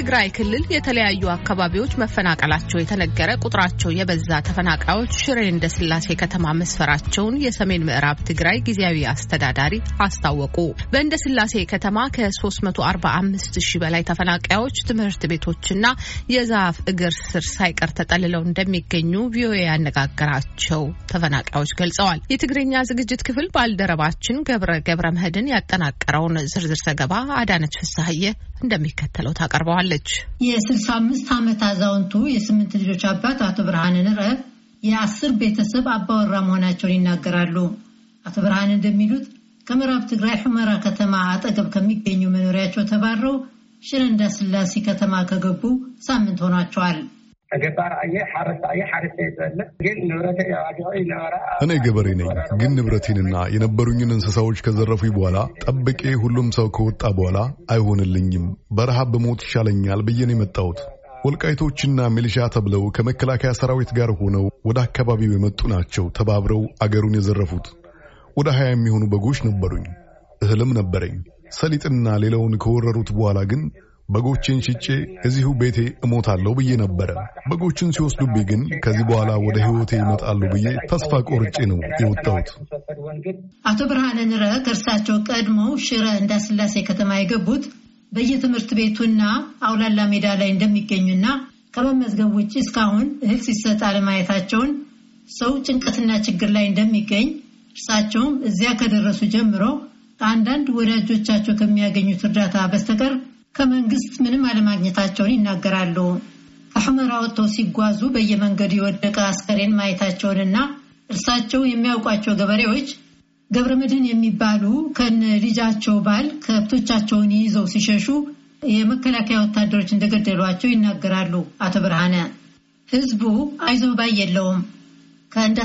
በትግራይ ክልል የተለያዩ አካባቢዎች መፈናቀላቸው የተነገረ ቁጥራቸው የበዛ ተፈናቃዮች ሽሬ እንደ ስላሴ ከተማ መስፈራቸውን የሰሜን ምዕራብ ትግራይ ጊዜያዊ አስተዳዳሪ አስታወቁ። በእንደ ስላሴ ከተማ ከ345 ሺ በላይ ተፈናቃዮች ትምህርት ቤቶችና የዛፍ እግር ስር ሳይቀር ተጠልለው እንደሚገኙ ቪኦኤ ያነጋገራቸው ተፈናቃዮች ገልጸዋል። የትግርኛ ዝግጅት ክፍል ባልደረባችን ገብረ ገብረ መህድን ያጠናቀረውን ዝርዝር ዘገባ አዳነች ፍሳሀየ እንደሚከተለው ታቀርበዋል። የ የስልሳ አምስት ዓመት አዛውንቱ የስምንት ልጆች አባት አቶ ብርሃን ንረ የአስር ቤተሰብ አባወራ መሆናቸውን ይናገራሉ። አቶ ብርሃን እንደሚሉት ከምዕራብ ትግራይ ሑመራ ከተማ አጠገብ ከሚገኙ መኖሪያቸው ተባረው ሽረ እንዳስላሴ ከተማ ከገቡ ሳምንት ሆኗቸዋል። ግን ንብረት እኔ ገበሬ ነኝ። ግን ንብረቴንና የነበሩኝን እንስሳዎች ከዘረፉኝ በኋላ ጠብቄ ሁሉም ሰው ከወጣ በኋላ አይሆንልኝም፣ በረሃብ በሞት ይሻለኛል ብዬ ነው የመጣሁት። ወልቃይቶችና ሚሊሻ ተብለው ከመከላከያ ሰራዊት ጋር ሆነው ወደ አካባቢው የመጡ ናቸው። ተባብረው አገሩን የዘረፉት ወደ ሀያ የሚሆኑ በጎች ነበሩኝ። እህልም ነበረኝ። ሰሊጥና ሌላውን ከወረሩት በኋላ ግን በጎችን ሽጬ እዚሁ ቤቴ እሞታለሁ ብዬ ነበረ። በጎችን ሲወስዱብኝ ግን ከዚህ በኋላ ወደ ህይወቴ ይመጣሉ ብዬ ተስፋ ቆርጬ ነው የወጣሁት። አቶ ብርሃነ ንረ ከእርሳቸው ቀድመው ሽረ እንዳስላሴ ከተማ የገቡት በየትምህርት ቤቱና አውላላ ሜዳ ላይ እንደሚገኙና ከመመዝገብ ውጭ እስካሁን እህል ሲሰጥ አለማየታቸውን ሰው ጭንቀትና ችግር ላይ እንደሚገኝ እርሳቸውም እዚያ ከደረሱ ጀምሮ ከአንዳንድ ወዳጆቻቸው ከሚያገኙት እርዳታ በስተቀር ከመንግስት ምንም አለማግኘታቸውን ይናገራሉ። ከሑመራ ወጥተው ሲጓዙ በየመንገዱ የወደቀ አስከሬን ማየታቸውንና እርሳቸው የሚያውቋቸው ገበሬዎች ገብረ መድህን የሚባሉ ከነ ልጃቸው ባል ከብቶቻቸውን ይዘው ሲሸሹ የመከላከያ ወታደሮች እንደገደሏቸው ይናገራሉ። አቶ ብርሃነ ህዝቡ አይዞህ ባይ የለውም።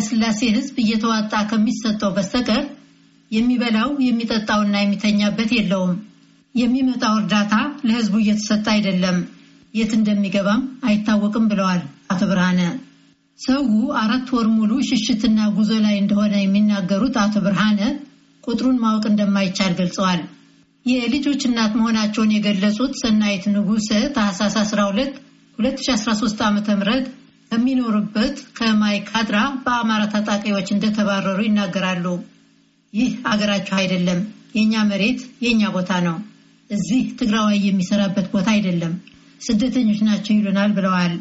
ስላሴ ህዝብ እየተዋጣ ከሚሰጠው በስተቀር የሚበላው የሚጠጣውና የሚተኛበት የለውም። የሚመጣው እርዳታ ለህዝቡ እየተሰጠ አይደለም፣ የት እንደሚገባም አይታወቅም ብለዋል አቶ ብርሃነ። ሰው አራት ወር ሙሉ ሽሽትና ጉዞ ላይ እንደሆነ የሚናገሩት አቶ ብርሃነ ቁጥሩን ማወቅ እንደማይቻል ገልጸዋል። የልጆች እናት መሆናቸውን የገለጹት ሰናይት ንጉሰ ታህሳስ 12 2013 ዓ ም ከሚኖሩበት ከማይካድራ በአማራ ታጣቂዎች እንደተባረሩ ይናገራሉ። ይህ አገራቸው አይደለም፣ የእኛ መሬት የእኛ ቦታ ነው እዚህ ትግራዋይ የሚሰራበት ቦታ አይደለም፣ ስደተኞች ናቸው ይሉናል ብለዋል።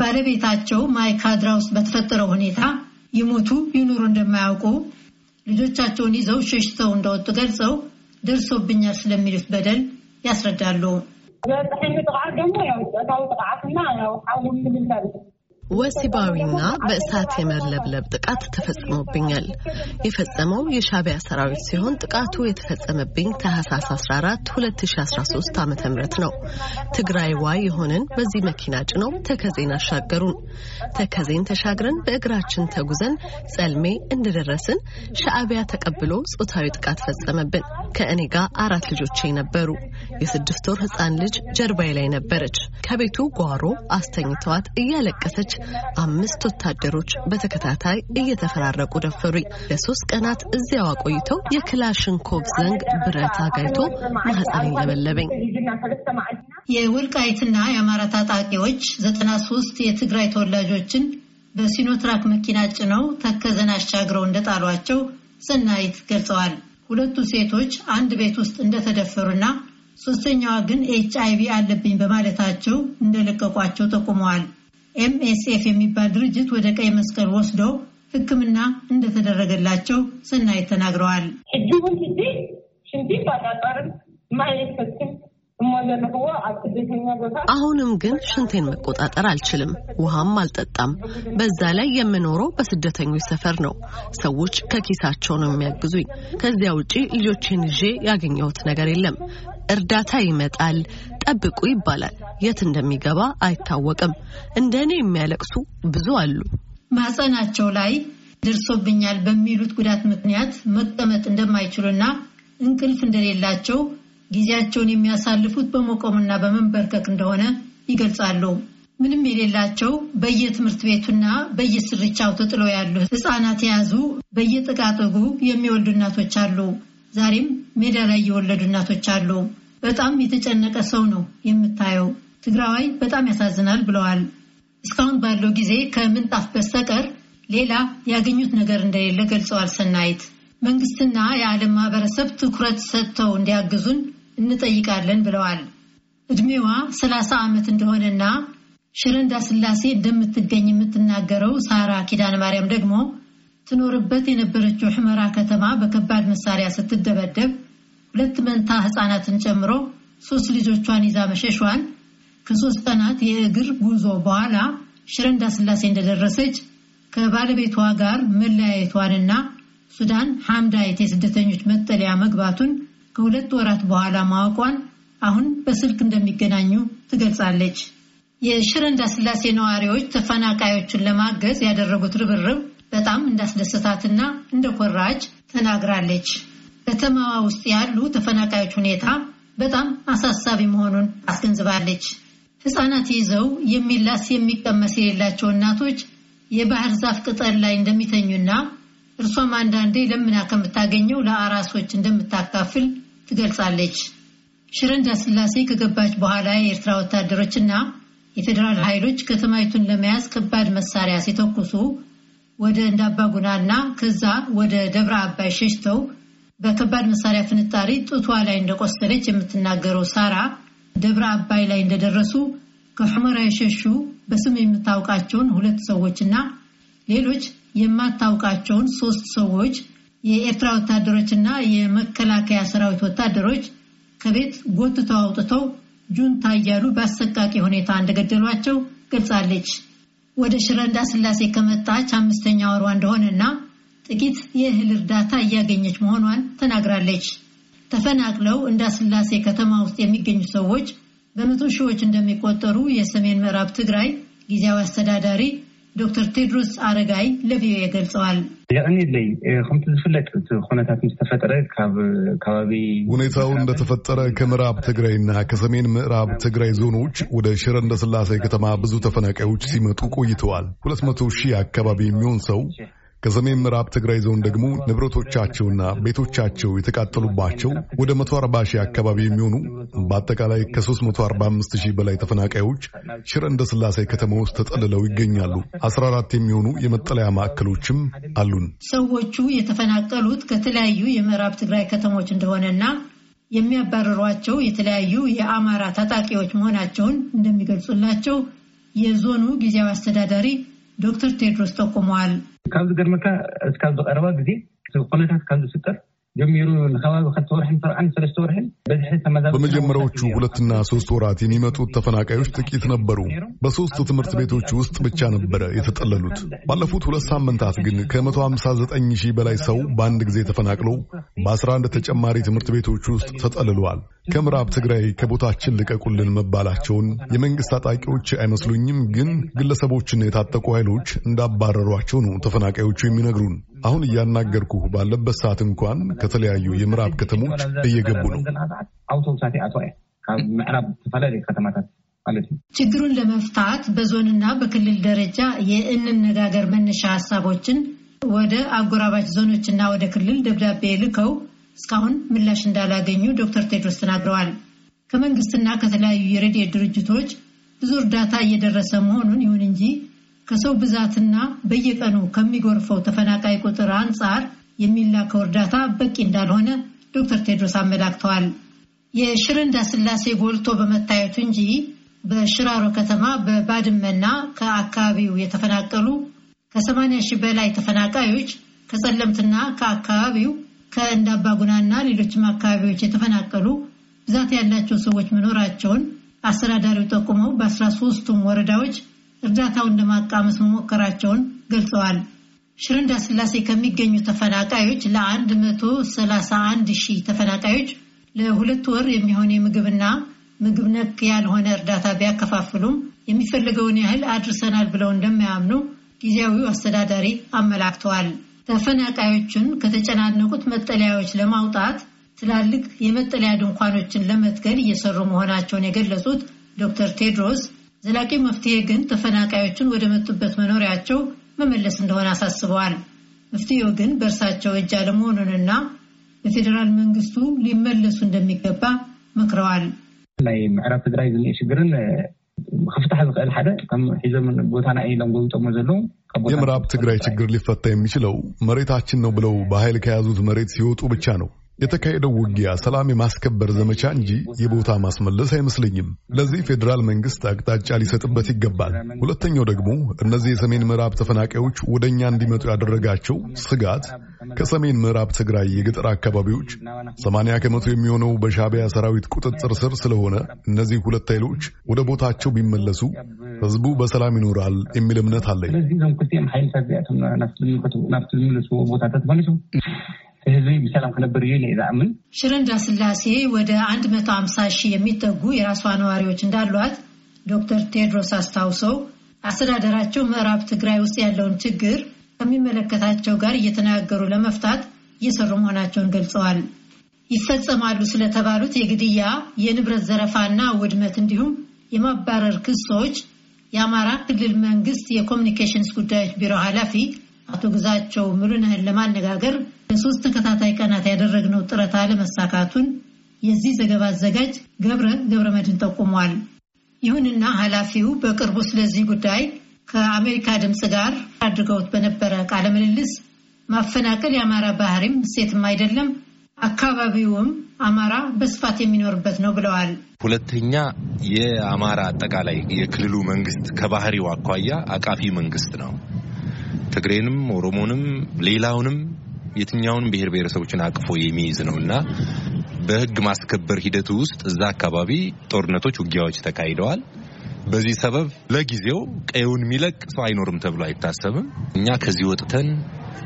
ባለቤታቸው ማይካድራ ውስጥ በተፈጠረው ሁኔታ ይሞቱ ይኑሩ እንደማያውቁ ልጆቻቸውን ይዘው ሸሽተው እንደወጡ ገልጸው ደርሶብኛል ስለሚሉት በደል ያስረዳሉ። ወሲባዊና በእሳት የመለብለብ ጥቃት ተፈጽሞብኛል። የፈጸመው የሻቢያ ሰራዊት ሲሆን ጥቃቱ የተፈጸመብኝ ታህሳስ 14 2013 ዓ ም ነው። ትግራይ ዋይ የሆንን በዚህ መኪና ጭነው ተከዜን አሻገሩን። ተከዜን ተሻግረን በእግራችን ተጉዘን ጸልሜ እንደደረስን ሻዕቢያ ተቀብሎ ጾታዊ ጥቃት ፈጸመብን። ከእኔ ጋር አራት ልጆቼ ነበሩ። የስድስት ወር ህፃን ልጅ ጀርባዬ ላይ ነበረች። ከቤቱ ጓሮ አስተኝተዋት እያለቀሰች አምስት ወታደሮች በተከታታይ እየተፈራረቁ ደፈሩኝ። ለሶስት ቀናት እዚያው አቆይተው የክላሽንኮቭ ዘንግ ብረት አጋይቶ ማህፀን ለበለበኝ። የወልቃይትና የአማራ ታጣቂዎች ዘጠና ሶስት የትግራይ ተወላጆችን በሲኖትራክ መኪና ጭነው ተከዘን አሻግረው እንደጣሏቸው ስናይት ገልጸዋል። ሁለቱ ሴቶች አንድ ቤት ውስጥ እንደተደፈሩና ሶስተኛዋ ግን ኤች ቪ አለብኝ በማለታቸው እንደለቀቋቸው ጠቁመዋል። ኤምኤስኤፍ የሚባል ድርጅት ወደ ቀይ መስቀል ወስደው ሕክምና እንደተደረገላቸው ስናይ ተናግረዋል። አሁንም ግን ሽንቴን መቆጣጠር አልችልም። ውሃም አልጠጣም። በዛ ላይ የምኖረው በስደተኞች ሰፈር ነው። ሰዎች ከኪሳቸው ነው የሚያግዙኝ። ከዚያ ውጪ ልጆቼን ይዤ ያገኘሁት ነገር የለም። እርዳታ ይመጣል፣ ጠብቁ ይባላል። የት እንደሚገባ አይታወቅም። እንደ እኔ የሚያለቅሱ ብዙ አሉ። ማህፀናቸው ላይ ደርሶብኛል በሚሉት ጉዳት ምክንያት መቀመጥ እንደማይችሉና እንቅልፍ እንደሌላቸው ጊዜያቸውን የሚያሳልፉት በመቆምና በመንበርከክ እንደሆነ ይገልጻሉ። ምንም የሌላቸው በየትምህርት ቤቱና በየስርቻው ተጥለው ያሉ ህፃናት የያዙ በየጥቃጥጉ የሚወልዱ እናቶች አሉ። ዛሬም ሜዳ ላይ የወለዱ እናቶች አሉ። በጣም የተጨነቀ ሰው ነው የምታየው። ትግራዋይ በጣም ያሳዝናል ብለዋል። እስካሁን ባለው ጊዜ ከምንጣፍ በስተቀር ሌላ ያገኙት ነገር እንደሌለ ገልጸዋል። ሰናይት መንግስትና የዓለም ማህበረሰብ ትኩረት ሰጥተው እንዲያግዙን እንጠይቃለን ብለዋል። እድሜዋ ሰላሳ ዓመት እንደሆነና ሽረ እንዳስላሴ እንደምትገኝ የምትናገረው ሳራ ኪዳነ ማርያም ደግሞ ትኖርበት የነበረችው ሕመራ ከተማ በከባድ መሳሪያ ስትደበደብ ሁለት መንታ ህፃናትን ጨምሮ ሶስት ልጆቿን ይዛ መሸሿን ከሶስት ቀናት የእግር ጉዞ በኋላ ሽረ እንዳስላሴ እንደደረሰች ከባለቤቷ ጋር መለያየቷንና ሱዳን ሐምዳይት የስደተኞች መጠለያ መግባቱን ከሁለት ወራት በኋላ ማወቋን አሁን በስልክ እንደሚገናኙ ትገልጻለች። የሽረ እንዳስላሴ ነዋሪዎች ተፈናቃዮችን ለማገዝ ያደረጉት ርብርብ በጣም እንዳስደሰታትና እንደኮራች ተናግራለች። ከተማዋ ውስጥ ያሉ ተፈናቃዮች ሁኔታ በጣም አሳሳቢ መሆኑን አስገንዝባለች። ሕፃናት ይዘው የሚላስ የሚቀመስ የሌላቸው እናቶች የባህር ዛፍ ቅጠል ላይ እንደሚተኙና እርሷም አንዳንዴ ለምና ከምታገኘው ለአራሶች እንደምታካፍል ትገልጻለች። ሽረ እንዳስላሴ ከገባች በኋላ የኤርትራ ወታደሮችና የፌዴራል ኃይሎች ከተማይቱን ለመያዝ ከባድ መሳሪያ ሲተኩሱ ወደ እንዳባጉናና ከዛ ወደ ደብረ አባይ ሸሽተው በከባድ መሳሪያ ፍንጣሪ ጡቷ ላይ እንደቆሰለች የምትናገረው ሳራ ደብረ አባይ ላይ እንደደረሱ ከሑመራ የሸሹ በስም የምታውቃቸውን ሁለት ሰዎችና ሌሎች የማታውቃቸውን ሶስት ሰዎች የኤርትራ ወታደሮችና የመከላከያ ሰራዊት ወታደሮች ከቤት ጎትተው አውጥተው ጁንታ እያሉ በአሰቃቂ ሁኔታ እንደገደሏቸው ገልጻለች። ወደ ሽረ እንዳስላሴ ከመጣች አምስተኛ ወሯ እንደሆነና ጥቂት የእህል እርዳታ እያገኘች መሆኗን ተናግራለች። ተፈናቅለው እንዳስላሴ ከተማ ውስጥ የሚገኙ ሰዎች በመቶ ሺዎች እንደሚቆጠሩ የሰሜን ምዕራብ ትግራይ ጊዜያዊ አስተዳዳሪ ዶክተር ቴድሮስ አረጋይ ለቪኦኤ ገልጸዋል። ሁኔታው እንደተፈጠረ ከምዕራብ ትግራይና ከሰሜን ምዕራብ ትግራይ ዞኖች ወደ ሽረ እንዳ ከተማ ብዙ ተፈናቃዮች ሲመጡ ቆይተዋል። ሁለት መቶ ሺህ አካባቢ የሚሆን ሰው ከሰሜን ምዕራብ ትግራይ ዞን ደግሞ ንብረቶቻቸውና ቤቶቻቸው የተቃጠሉባቸው ወደ 140 ሺህ አካባቢ የሚሆኑ በአጠቃላይ ከ345 ሺህ በላይ ተፈናቃዮች ሽረ እንደ ስላሴ ከተማ ውስጥ ተጠልለው ይገኛሉ። 14 የሚሆኑ የመጠለያ ማዕከሎችም አሉን። ሰዎቹ የተፈናቀሉት ከተለያዩ የምዕራብ ትግራይ ከተሞች እንደሆነና የሚያባረሯቸው የተለያዩ የአማራ ታጣቂዎች መሆናቸውን እንደሚገልጹላቸው የዞኑ ጊዜያዊ አስተዳዳሪ ዶክተር ቴድሮስ ጠቁመዋል። ካብዚ ገርመካ እስካብ ዝቀረባ ግዜ ኩነታት ካብ ዝፍጠር በመጀመሪያዎቹ ሁለትና ሶስት ወራት የሚመጡት ተፈናቃዮች ጥቂት ነበሩ። በሶስት ትምህርት ቤቶች ውስጥ ብቻ ነበረ የተጠለሉት። ባለፉት ሁለት ሳምንታት ግን ከ159 ሺህ በላይ ሰው በአንድ ጊዜ ተፈናቅለው በ11 ተጨማሪ ትምህርት ቤቶች ውስጥ ተጠልለዋል። ከምዕራብ ትግራይ ከቦታችን ልቀቁልን መባላቸውን የመንግስት ታጣቂዎች አይመስሉኝም፣ ግን ግለሰቦችና የታጠቁ ኃይሎች እንዳባረሯቸው ነው ተፈናቃዮቹ የሚነግሩን። አሁን እያናገርኩ ባለበት ሰዓት እንኳን ከተለያዩ የምዕራብ ከተሞች እየገቡ ነው። ችግሩን ለመፍታት በዞንና በክልል ደረጃ የእንነጋገር መነሻ ሀሳቦችን ወደ አጎራባች ዞኖችና ወደ ክልል ደብዳቤ ልከው እስካሁን ምላሽ እንዳላገኙ ዶክተር ቴድሮስ ተናግረዋል። ከመንግስትና ከተለያዩ የረድኤት ድርጅቶች ብዙ እርዳታ እየደረሰ መሆኑን ይሁን እንጂ ከሰው ብዛትና በየቀኑ ከሚጎርፈው ተፈናቃይ ቁጥር አንጻር የሚላከው እርዳታ በቂ እንዳልሆነ ዶክተር ቴድሮስ አመላክተዋል። የሽረ እንዳስላሴ ጎልቶ በመታየቱ እንጂ በሽራሮ ከተማ በባድመና ከአካባቢው የተፈናቀሉ ከ80 ሺህ በላይ ተፈናቃዮች ከጸለምትና ከአካባቢው ከእንዳባጉናና ሌሎችም አካባቢዎች የተፈናቀሉ ብዛት ያላቸው ሰዎች መኖራቸውን አስተዳዳሪው ጠቁመው በ13ቱም ወረዳዎች እርዳታውን ለማቃመስ መሞከራቸውን ገልጸዋል። ሽርንዳ ስላሴ ከሚገኙ ተፈናቃዮች ለ131 ሺህ ተፈናቃዮች ለሁለት ወር የሚሆን የምግብና ምግብ ነክ ያልሆነ እርዳታ ቢያከፋፍሉም የሚፈልገውን ያህል አድርሰናል ብለው እንደማያምኑ ጊዜያዊው አስተዳዳሪ አመላክተዋል። ተፈናቃዮቹን ከተጨናነቁት መጠለያዎች ለማውጣት ትላልቅ የመጠለያ ድንኳኖችን ለመትከል እየሰሩ መሆናቸውን የገለጹት ዶክተር ቴድሮስ ዘላቂው መፍትሄ ግን ተፈናቃዮቹን ወደ መጡበት መኖሪያቸው መመለስ እንደሆነ አሳስበዋል። መፍትሄው ግን በእርሳቸው እጅ አለመሆኑንና በፌዴራል መንግስቱ ሊመለሱ እንደሚገባ መክረዋል። ናይ ምዕራብ ትግራይ ዝኒአ ሽግርን ክፍታሕ ዝኽእል ሓደ ከም ሒዞም ቦታና ኢሎም ጎብጦሞ ዘለዉ የምዕራብ ትግራይ ችግር ሊፈታ የሚችለው መሬታችን ነው ብለው በኃይል ከያዙት መሬት ሲወጡ ብቻ ነው። የተካሄደው ውጊያ ሰላም የማስከበር ዘመቻ እንጂ የቦታ ማስመለስ አይመስለኝም። ለዚህ ፌዴራል መንግስት አቅጣጫ ሊሰጥበት ይገባል። ሁለተኛው ደግሞ እነዚህ የሰሜን ምዕራብ ተፈናቃዮች ወደ እኛ እንዲመጡ ያደረጋቸው ስጋት ከሰሜን ምዕራብ ትግራይ የገጠር አካባቢዎች ሰማንያ ከመቶ የሚሆነው በሻቢያ ሰራዊት ቁጥጥር ስር ስለሆነ እነዚህ ሁለት ኃይሎች ወደ ቦታቸው ቢመለሱ ህዝቡ በሰላም ይኖራል የሚል እምነት አለኝ። ህዝቢ ብሰላም ክነብር እየ ዝኣምን ሽረንዳ ስላሴ ወደ 150 ሺህ የሚጠጉ የራሷ ነዋሪዎች እንዳሏት ዶክተር ቴድሮስ አስታውሰው አስተዳደራቸው ምዕራብ ትግራይ ውስጥ ያለውን ችግር ከሚመለከታቸው ጋር እየተነጋገሩ ለመፍታት እየሰሩ መሆናቸውን ገልጸዋል። ይፈጸማሉ ስለተባሉት የግድያ የንብረት ዘረፋና ውድመት እንዲሁም የማባረር ክሶች የአማራ ክልል መንግስት የኮሚኒኬሽንስ ጉዳዮች ቢሮ ኃላፊ አቶ ግዛቸው ሙሉነህን ለማነጋገር ለሶስት ተከታታይ ቀናት ያደረግነው ጥረት አለመሳካቱን የዚህ ዘገባ አዘጋጅ ገብረ ገብረ መድን ጠቁሟል። ይሁንና ኃላፊው በቅርቡ ስለዚህ ጉዳይ ከአሜሪካ ድምፅ ጋር አድርገውት በነበረ ቃለ ምልልስ ማፈናቀል የአማራ ባህሪም እሴትም አይደለም፣ አካባቢውም አማራ በስፋት የሚኖርበት ነው ብለዋል። ሁለተኛ የአማራ አጠቃላይ የክልሉ መንግስት ከባህሪው አኳያ አቃፊ መንግስት ነው። ትግሬንም፣ ኦሮሞንም፣ ሌላውንም የትኛውንም ብሔር ብሔረሰቦችን አቅፎ የሚይዝ ነው እና በህግ ማስከበር ሂደቱ ውስጥ እዛ አካባቢ ጦርነቶች፣ ውጊያዎች ተካሂደዋል። በዚህ ሰበብ ለጊዜው ቀዩን የሚለቅ ሰው አይኖርም ተብሎ አይታሰብም። እኛ ከዚህ ወጥተን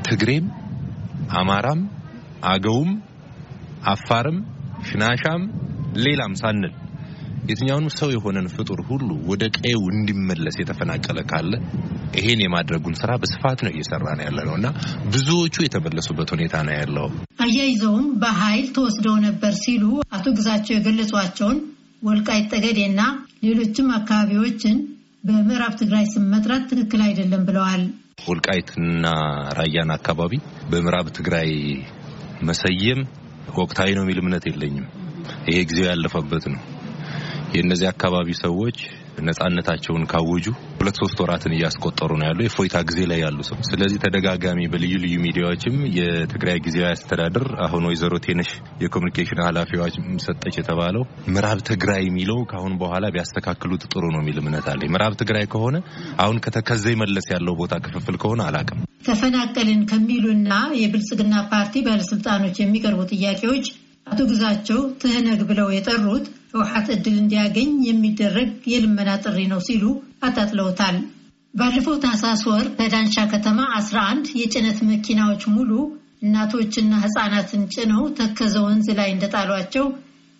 ትግሬም፣ አማራም፣ አገውም፣ አፋርም፣ ሽናሻም ሌላም ሳንል የትኛውንም ሰው የሆነን ፍጡር ሁሉ ወደ ቀዬው እንዲመለስ የተፈናቀለ ካለ ይሄን የማድረጉን ስራ በስፋት ነው እየሰራ ነው ያለ ነው እና ብዙዎቹ የተመለሱበት ሁኔታ ነው ያለው። አያይዘውም በኃይል ተወስደው ነበር ሲሉ አቶ ግዛቸው የገለጿቸውን ወልቃይት ጠገዴና ሌሎችም አካባቢዎችን በምዕራብ ትግራይ ስም መጥራት ትክክል አይደለም ብለዋል። ወልቃይትና ራያን አካባቢ በምዕራብ ትግራይ መሰየም ወቅታዊ ነው የሚል እምነት የለኝም። ይሄ ጊዜው ያለፈበት ነው። የእነዚህ አካባቢ ሰዎች ነጻነታቸውን ካወጁ ሁለት ሶስት ወራትን እያስቆጠሩ ነው ያሉ የፎይታ ጊዜ ላይ ያሉ ሰው። ስለዚህ ተደጋጋሚ በልዩ ልዩ ሚዲያዎችም የትግራይ ጊዜያዊ አስተዳደር አሁን ወይዘሮ ቴንሽ የኮሚኒኬሽን ኃላፊዎች ሰጠች የተባለው ምዕራብ ትግራይ የሚለው ከአሁን በኋላ ቢያስተካክሉት ጥሩ ነው የሚል እምነት አለ። ምዕራብ ትግራይ ከሆነ አሁን ከተከዘ መለስ ያለው ቦታ ክፍፍል ከሆነ አላቅም ተፈናቀልን ከሚሉና የብልጽግና ፓርቲ ባለስልጣኖች የሚቀርቡ ጥያቄዎች አቶ ግዛቸው ትህነግ ብለው የጠሩት ህወሓት ዕድል እንዲያገኝ የሚደረግ የልመና ጥሪ ነው ሲሉ አጣጥለውታል። ባለፈው ታህሳስ ወር ከዳንሻ ከተማ 11 የጭነት መኪናዎች ሙሉ እናቶችና ህፃናትን ጭነው ተከዘ ወንዝ ላይ እንደጣሏቸው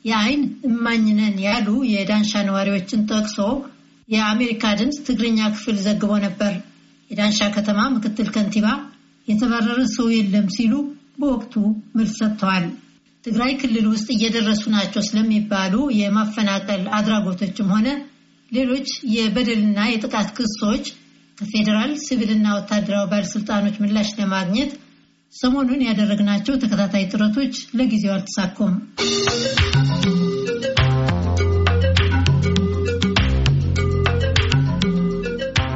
የአይን እማኝነን ያሉ የዳንሻ ነዋሪዎችን ጠቅሶ የአሜሪካ ድምፅ ትግርኛ ክፍል ዘግቦ ነበር። የዳንሻ ከተማ ምክትል ከንቲባ የተባረረ ሰው የለም ሲሉ በወቅቱ መልስ ሰጥተዋል። ትግራይ ክልል ውስጥ እየደረሱ ናቸው ስለሚባሉ የማፈናቀል አድራጎቶችም ሆነ ሌሎች የበደልና የጥቃት ክሶች ከፌዴራል ሲቪልና ወታደራዊ ባለስልጣኖች ምላሽ ለማግኘት ሰሞኑን ያደረግናቸው ተከታታይ ጥረቶች ለጊዜው አልተሳኩም።